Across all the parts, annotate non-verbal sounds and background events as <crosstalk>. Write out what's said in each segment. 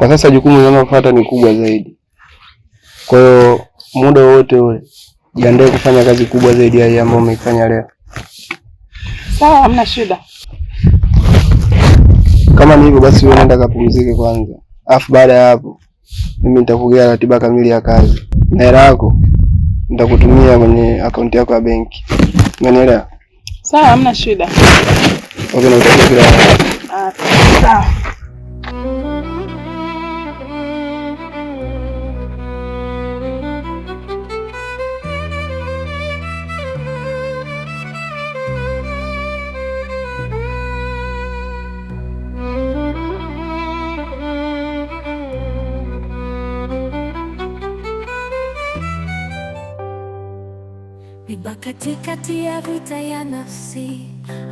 Kwa sasa jukumu linalofuata ni kubwa zaidi, kwa hiyo muda wowote ule jiandae kufanya kazi kubwa zaidi ya ambayo umeifanya leo. Sawa, hamna shida. Kama ni hivyo basi, wewe nenda kapumzike kwanza, alafu baada ya hapo mimi nitakugea ratiba kamili ya kazi na hela yako nitakutumia kwenye akaunti yako ya benki. Umenielewa? Sawa, hamna shida. Okay, na utakuwa kila. Ah, sawa. katikati ya vita ya nafsi,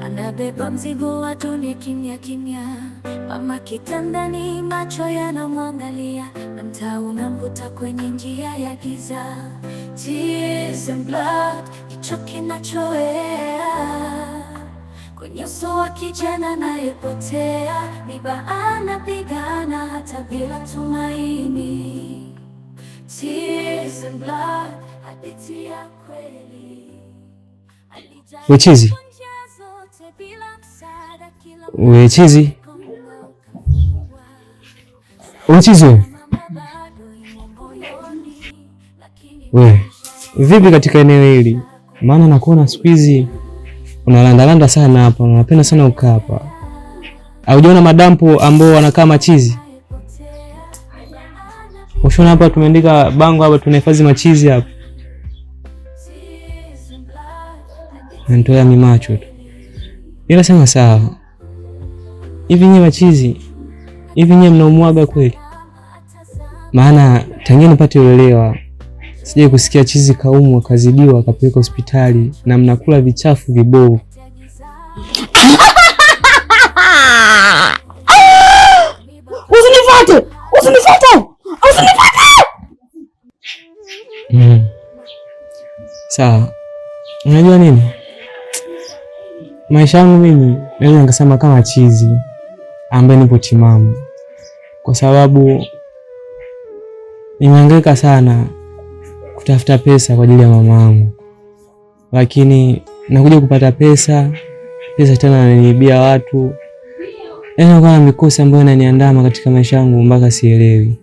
anabeba mzigo wa dunia kimya kimya. Mama kitandani, macho yanamwangalia na mtaa unamvuta kwenye njia ya giza. Tears and blood, kicho kinachoea kwenye uso wa kijana anayepotea. Miba anapigana hata bila tumaini. Tears and blood, hadithi ya kweli. Wechizi, chizi, wechizi, we we vipi katika eneo hili? Maana nakuona siku hizi unalandalanda sana hapa, unapenda sana ukaa hapa. Aujaona madampo ambao wanakaa machizi? Ushona hapa tumeandika bango hapa, tunahifadhi machizi hapa anatoa mimacho tu. sema sawa, hivi nyewe machizi hivi nyewe mnaumwaga kweli? Maana tangia nipate uelewa sijai kusikia chizi kaumwa kazidiwa akapeleka hospitali na mnakula vichafu vibovu. <laughs> Usinifuate, usinifuate, usinifuate. Mm. Sawa, unajua nini Maisha yangu mimi naweza nikasema kama chizi ambaye nipo timamu, kwa sababu nimehangaika sana kutafuta pesa kwa ajili ya mama yangu, lakini nakuja kupata pesa, pesa tena ananiibia watu. Yaani nakuwa na mikosi ambayo inaniandama katika maisha yangu mpaka sielewi.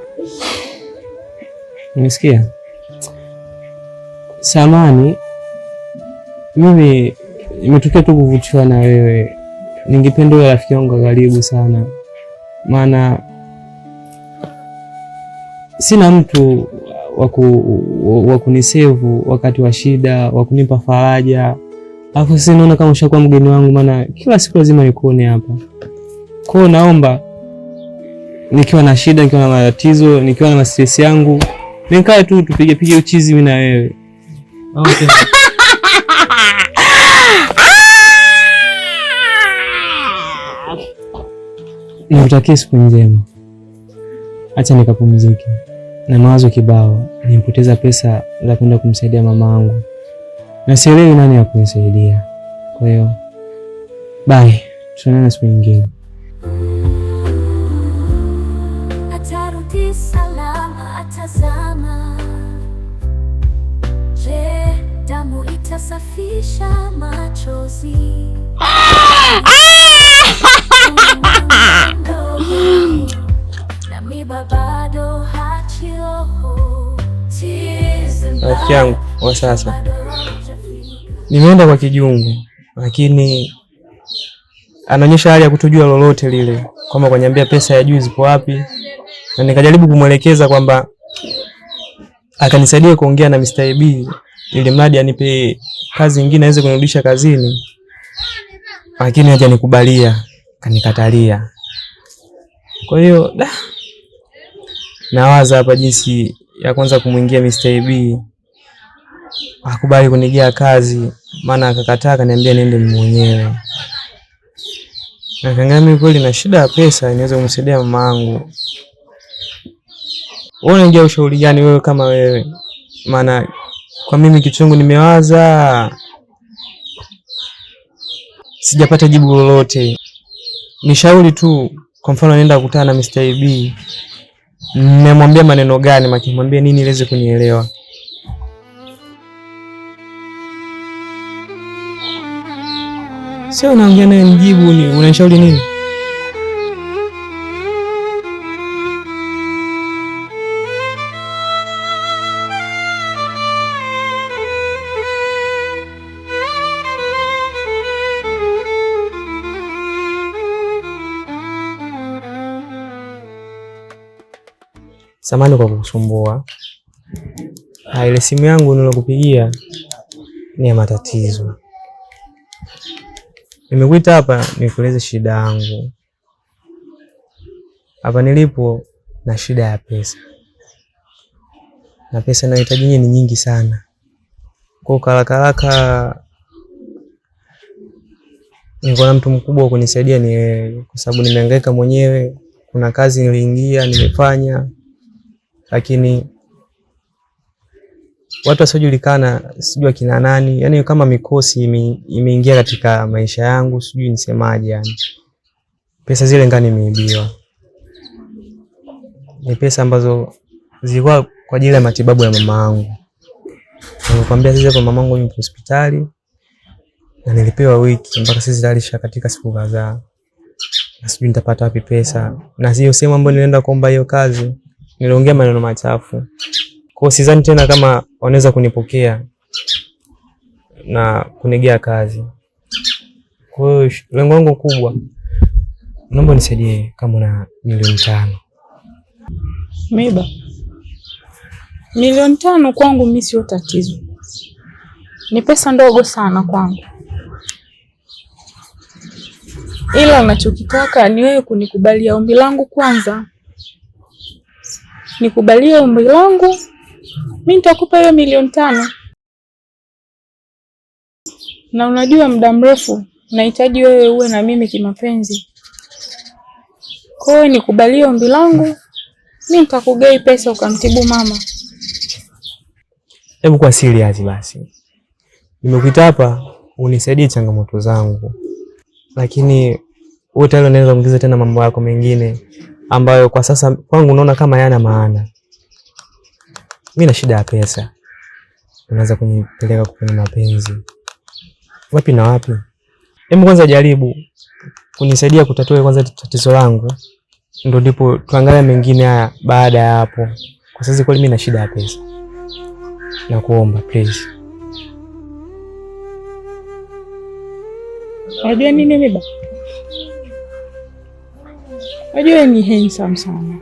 <laughs> Umesikia? Samani mimi imetokea tu kuvutiwa na wewe. Ningependa uwe rafiki yangu wa karibu sana, maana sina mtu wa kunisevu wakati wa shida, wa kunipa faraja. Alafu sasa naona kama ushakuwa mgeni wangu, maana kila siku lazima nikuone hapa. Kwa hiyo naomba nikiwa na shida, nikiwa na matatizo, nikiwa na stress yangu, nikae tu tupige pige uchizi mimi na wewe. Okay. Nikutakie siku njema, acha nikapumzike na mawazo kibao. Nimepoteza pesa za kwenda kumsaidia mama yangu na sielewi nani ya kunisaidia. Kwa hiyo bye, tutaonana siku nyingine. Atarudi itasafisha machozi? Ah! Rafiki yangu wa sasa, nimeenda kwa Kijungu, lakini anaonyesha hali ya kutojua lolote lile, kwamba kaniambia pesa ya juu zipo wapi, na nikajaribu kumwelekeza kwamba akanisaidia kuongea na Mr. B ili mradi anipe kazi nyingine aweze kunirudisha kazini, lakini hajanikubalia, kanikatalia. Kwa hiyo da nawaza hapa jinsi ya kwanza kumwingia Mr. B. akubali kunigia kazi, maana akakataa akaniambia niende mwenyewe. Nakaangalia mimi kweli na shida ya pesa niweze kumsaidia mamaangu. Wewe unajua ushauri gani wewe kama wewe? Maana kwa mimi kichungu nimewaza, sijapata jibu lolote. Nishauri tu, kwa mfano nenda kukutana na Mr. B Mmemwambia maneno gani? Makimwambia nini iweze kunielewa? Sio unaongea naye, mjibu ni nini? samani kwa kukusumbua. Ah, ile simu yangu nilokupigia ni ya matatizo. Nimekuita hapa nikueleze shida yangu. Hapa nilipo na shida ya pesa, na pesa inayohitaji ni nyingi sana. Kwa karakaraka niko na mtu mkubwa wa kunisaidia ni wewe, kwa sababu nimehangaika mwenyewe. Kuna kazi niliingia nimefanya lakini watu wasiojulikana sijui akina nani, yani kama mikosi imeingia katika maisha yangu, sijui nisemaje. Yani pesa zile ngani nimeibiwa, ni pesa ambazo zilikuwa kwa ajili ya matibabu ya mama yangu. Nimekwambia sasa, kwa mama yangu yupo hospitali na nilipewa wiki mpaka sisi zalisha katika siku kadhaa, na sijui nitapata wapi pesa, na sio sehemu ambayo nilienda kuomba hiyo kazi niliongea maneno machafu kwao, sidhani tena kama wanaweza kunipokea na kunigea kazi. Kwa hiyo lengo langu kubwa, naomba nisaidie kama na milioni tano. Miba, milioni tano kwangu mimi sio tatizo, ni pesa ndogo sana kwangu, ila nachokitaka ni wewe kunikubalia ombi langu kwanza nikubalie ombi langu, mi nitakupa hiyo milioni tano. Na unajua muda mrefu nahitaji wewe uwe na mimi kimapenzi, kwa nikubalie ombi langu, mi nitakugei pesa ukamtibu mama. Hebu kwa serious basi, nimekuita hapa unisaidie changamoto zangu, lakini wewe tayari unaweza kuongeza tena mambo yako mengine ambayo kwa sasa kwangu naona kama yana maana. Mimi na shida ya pesa, unaweza kunipeleka kwenye mapenzi wapi na wapi? Hebu kwanza jaribu kunisaidia kutatua kwanza tatizo langu, ndio ndipo tuangalie mengine haya baada ya hapo. Kwa sasa kweli mimi na shida ya pesa, nakuomba please. Unajua nini mimi baba? Wajue ni handsome sana,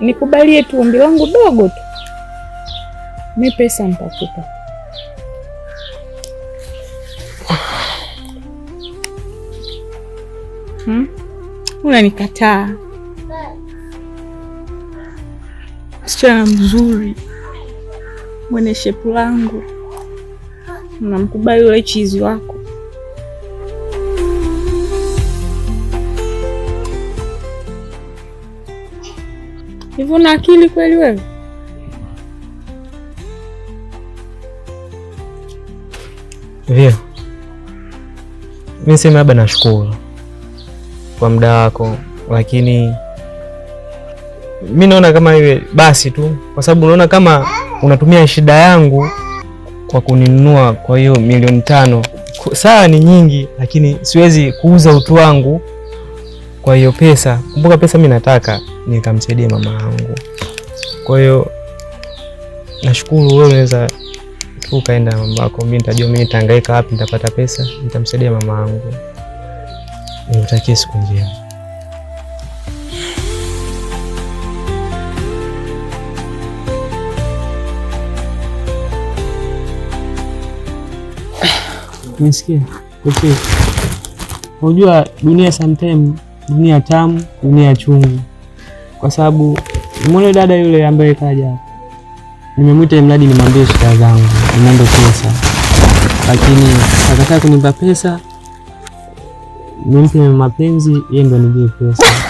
nikubalie tu ombi langu dogo tu, mi pesa nitakupa. Hmm? Unanikataa msichana mzuri mwenye shepu langu, unamkubali ule chizi wako Hivi una akili kweli wewe? Vio, mi sema labda nashukuru kwa muda wako, lakini mi naona kama iwe basi tu, kwa sababu unaona kama unatumia shida yangu kwa kuninunua. Kwa hiyo milioni tano sawa, ni nyingi, lakini siwezi kuuza utu wangu kwa hiyo pesa. Kumbuka pesa mi nataka nikamsaidia mama yangu. Kwa hiyo nashukuru wewe, unaweza tu kaenda mama yako, mimi nitajua mimi nitahangaika wapi nitapata pesa, nitamsaidia mama yangu. Nikutakie siku njema. Nisikia unajua, dunia sometime, dunia tamu, dunia chungu kwa sababu mwone dada yule ambaye kaja hapa nimemwita mradi nimwambie shida zangu, niombe pesa, lakini akataka kunipa pesa nimpe mapenzi, yeye ndo nijie pesa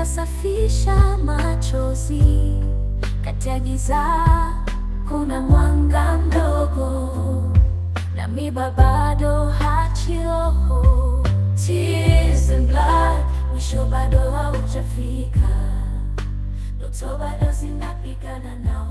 nitasafisha machozi, kati ya giza kuna mwanga mdogo, na miba bado hachioho, tears and blood, mwisho bado haujafika, ndoto bado zinapigana nao.